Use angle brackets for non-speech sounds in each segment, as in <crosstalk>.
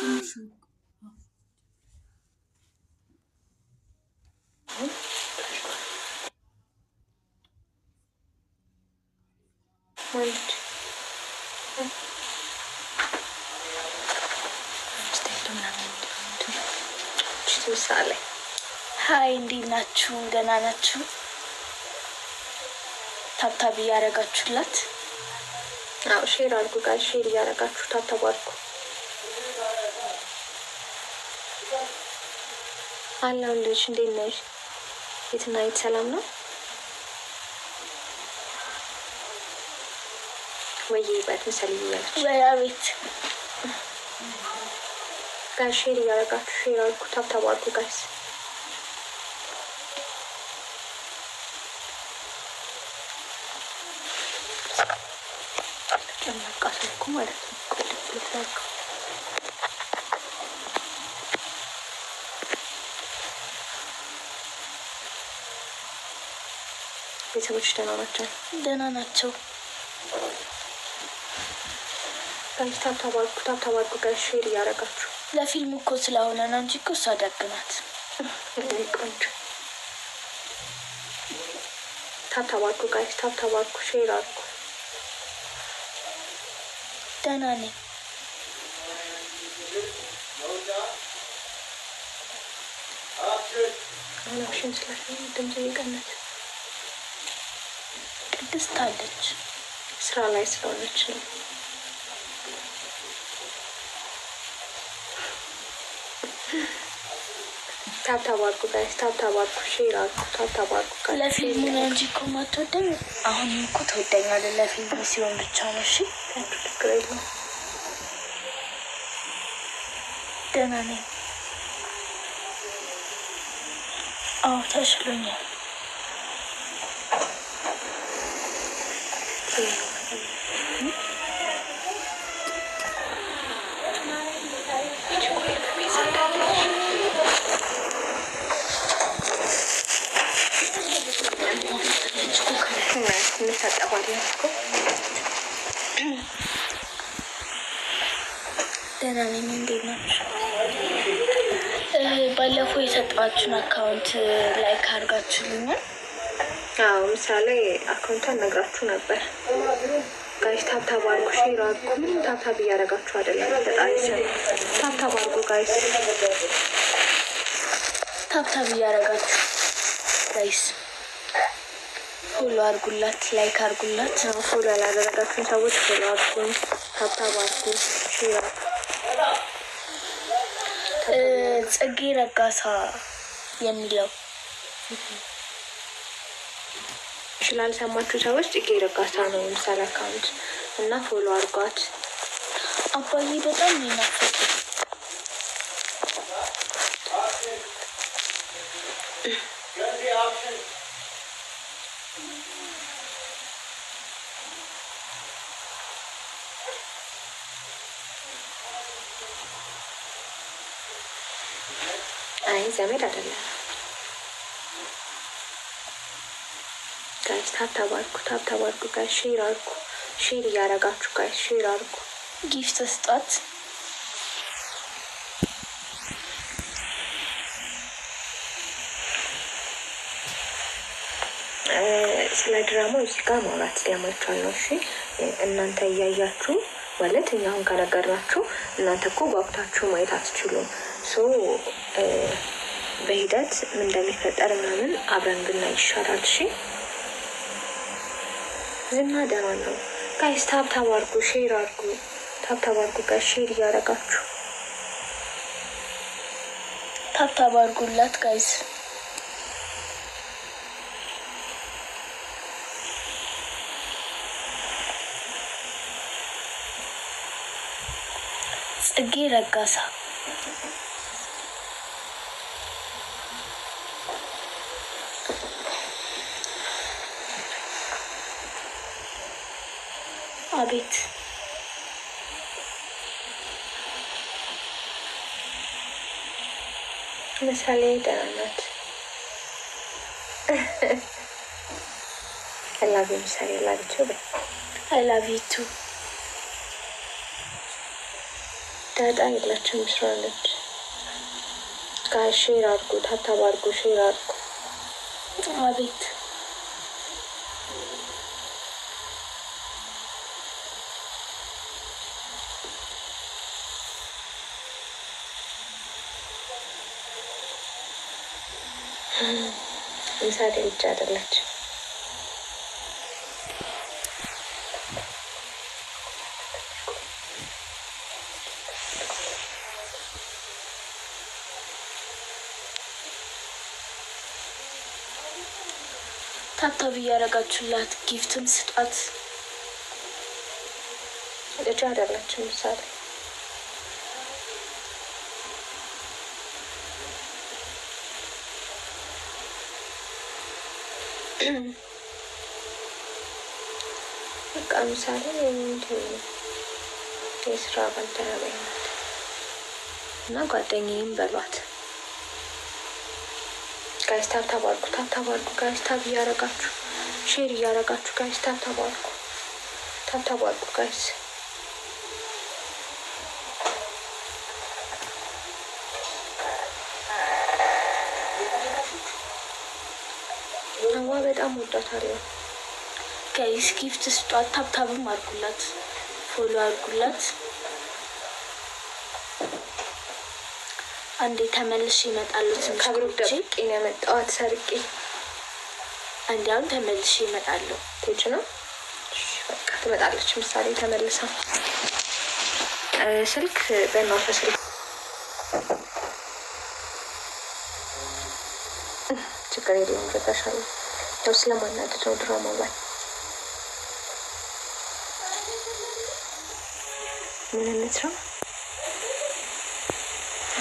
ሀይ እንዴት ናችሁ? ደህና ናችሁ? ታብታብ እያደረጋችሁላት? አዎ ሼር አድርጉ ጋር ሼር እያደረጋችሁ ታብታብ አድርጉ። አላው ልጅ እንዴት ነሽ? የትና የት ሰላም ነው ወይ? ይበት ምሳሌ ይያለች በያቤት ጋር ሼር እያደረጋችሁ ሼር አድርጉ፣ ታብታብ አድርጉ ጋይስ። ጨመቃ ማለት ነው። ቤተሰቦች ደህና ናቸው? ደህና ናቸው። ጋሽ ታብታባርኩ ታብታባርኩ ጋር ሼር እያደረጋችሁ ለፊልም እኮ ስለሆነ ነው እንጂ እኮ እሷ ደግ ናት። ቆንጆ ታብታባርኩ ጋሽ ታብታባርኩ ሼር አድርጉ። ደህና ነኝ። ሽን ስላሽ ድምፅ እየቀነሰ ቅድስት አለች። ስራ ላይ ስለሆነች ነው። ታብታባርኩ ጋይስ፣ ታብታባርኩ፣ ሼር አድርጉ፣ ታብታባርኩ ጋይስ። ለፊልሙ ነው እንጂ እኮ የማትወደኝ አሁን እኮ ትወደኛለህ። ለፊልሙ ሲሆን ብቻ ነው። እሺ፣ ችግር የለውም። ደህና ነኝ። አዎ፣ ተሽሎኛል። ደህና ነኝ። እንዴት ናችሁ? ባለፈው የሰጠኋችሁን አካውንት ላይክ አድርጋችሁልኛል። አዎ ምሳሌ አካውንቷን ነግራችሁ ነበር ጋይስ። ታብታብ አድርጉ፣ ሼር አድርጉ። ምንም ታብታብ እያደረጋችሁ አይደለም። ፈጣሪ ሲሆን ታብታብ አድርጉ ጋይስ፣ ታብታብ እያደረጋችሁ ጋይስ ፎሎ አድርጉላት፣ ላይክ አድርጉላት። ፎሎ ያላደረጋችሁን ሰዎች ፎሎ አድርጉኝ፣ ታብታብ አድርጉ፣ ሼር አድርጉ። ጽጌ ረጋሳ የሚለው ላልሰማችሁ ሰዎች ጽጌ ረጋሳ ነው የምሰራ አካውንት እና ፎሎ አድርጓት። አባዬ በጣም ይናፈቅ አይ ዘመድ አይደለም። ጋይስ ታብታባርኩ ታብታባርኩ ጋይስ ሼር አርኩ ሼር እያረጋችሁ ጋይስ ሼር አርኩ ጊፍት ስጧት። ስለ ድራማው እዚህ ጋር ማውራት ሊያማችኋል ነው። እሺ እናንተ እያያችሁ ማለት እኛ አሁን ከነገርናችሁ እናንተ እኮ ጓጉታችሁ ማየት አትችሉም። ሶ በሂደት ምን እንደሚፈጠር ምናምን አብረን ብናይ ይሻላል። እሺ እና ደህና ነው ጋይስ። ታብታብ አድርጉ፣ ሼር አድርጉ፣ ታብታብ አድርጉ ሼር አርጉ ታብታብ አድርጉ ጋይስ ሼር እያደረጋችሁ ታብታብ አድርጉላት ጋይስ። ጽጌ ረጋሳ አቤት ምሳሌ ደህና ናት። ላቪ ምሳሌ ላቪቸው ላቪቱ ዳጣ የላቸው ምስራለች። ጋር ሼር አድርጉ፣ ታታብ አድርጉ፣ ሼር አድርጉ። አቤት ምሳሌ ልጅ አይደለች። ታብታብ እያደረጋችሁላት ጊፍትም ስጧት። ልጅ አይደለችም ምሳሌ በቃ ምሳሌ እንትን የስራ ባልደረባዬ ናት እና ጓደኛዬም በሏት። ጋይስ ታብ ታብ ታባርኩ፣ ጋይስ እያረጋችሁ ሼር እያረጋችሁ ጋይስ ታብ ታብ ታባርኩ ጋይስ በጣም ወዳታለሁ። ጋይስ ጊፍት ስጧት፣ ታብታብም አድርጉላት፣ ፎሎ አድርጉላት። አንዴ ተመልሽ እመጣለሁ። ከብሩክ ደብቄ ነው የመጣኋት ሰርቄ። አንዴ አሁን ተመልሼ እመጣለሁ። ቴጅ ነው ትመጣለች። ምሳሌ ተመልሳ ስልክ በእናተ ስልክ ችግር የለም። ያው ስለማናደደው ድራማው ላይ ምን እንስራ?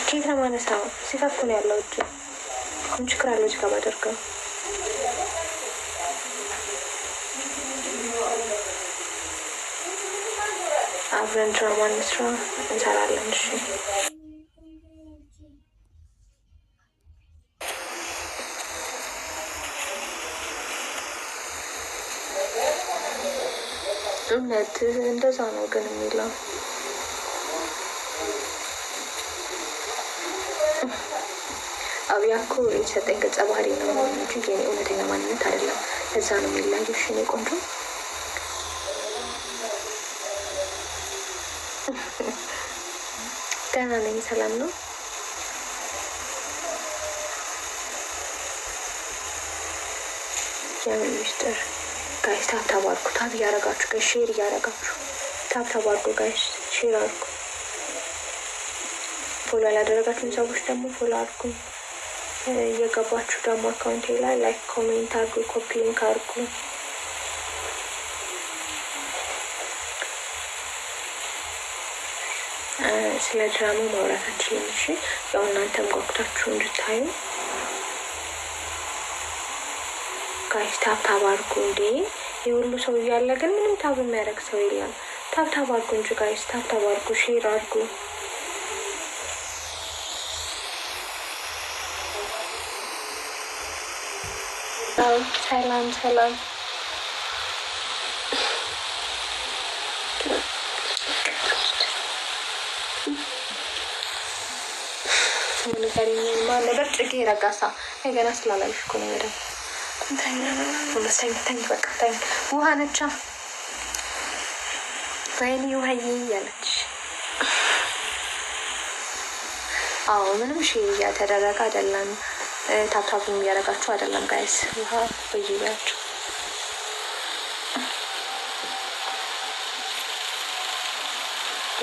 ኬት ለማነሳ ነው ሲታፍ ያለው እጅ ምን ችግር አለው እጅ ከማደርገው አብረን ድራማ እንስራ እንሰራለን። እሺ እምነት እንደዛ ነው ግን የሚለው አብያ እኮ የተሰጠኝ ገጸ ባህሪ ነው እንጂ የኔ እውነተኛ ማንነት አይደለም። እዛ ነው የሚለያየሽ የኔ ቆንጆ። ደህና ነኝ፣ ሰላም ነው። የምን ሚስጥር ጋይስ ታብታብ አድርጉ። ታብ እያረጋችሁ ጋይስ ሼር እያረጋችሁ ታብታብ አድርጉ ጋይስ ሼር አርኩ። ፎሎ ያላደረጋችሁን ሰዎች ደግሞ ፎሎ አርኩ። እየገባችሁ ደግሞ አካውንቴ ላይ ላይክ፣ ኮሜንት አርጉ፣ ኮፒ ሊንክ አድርጉ። ስለ ድራማ ማውራታችን እሺ፣ ያው እናንተም ጓጉታችሁ እንድታዩ ጋይስ ታብታብ አድርጉ እንዴ! የሁሉ ሰው እያለ ግን ምንም ታብ የሚያደርግ ሰው የለም። ታብታብ አድርጉ እንጂ ጋይስ፣ ታብታብ አድርጉ፣ ሼር አድርጉ። ሰላም ሰላም፣ ነገርኛ ነበር ጽጌ ረጋሳ ገና ስላላልሽ እኮ ነው ውሃ ነቻ ወይኔ ውሃዬ እያለች አዎ፣ ምንም ሺ እያተደረገ አይደለም። ታፕታፕ እያደረጋችሁ አይደለም ጋይስ፣ ውሃ በየያችሁ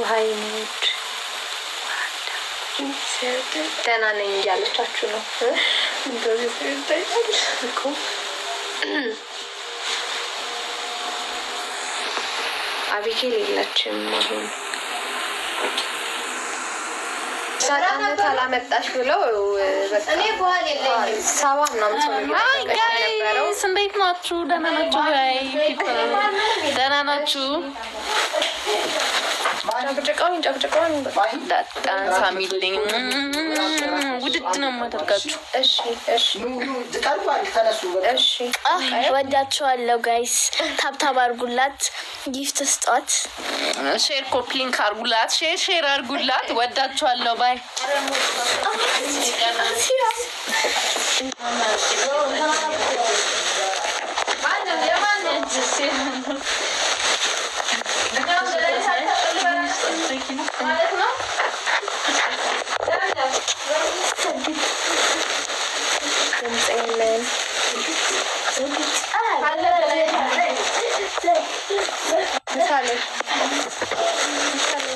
ውሃ የሚወድ ደህና ነኝ እያለቻችሁ ነው። <clears throat> አቢጌል የለችም አሁን ሻጭነት አላመጣሽ ብለው ሰባ ምናምን። እንዴት ናችሁ? ደህና ናችሁ? ደህና ናችሁ? ጨብጨቃውን ጨብጨቃውን ዳጣን ሳሚልኝ ውድድ ነው የማደርጋችሁ። ወዳችኋለሁ ጋይስ፣ ታብታብ አርጉላት፣ ጊፍት ስጧት፣ ሼር ኮፕሊንክ አርጉላት፣ ሼር ሼር አርጉላት። ወዳችኋለሁ ባይ Gel. Annem ya annem. Ganz eng, man. Michale. Michale.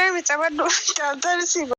Andrea me está mandando cantar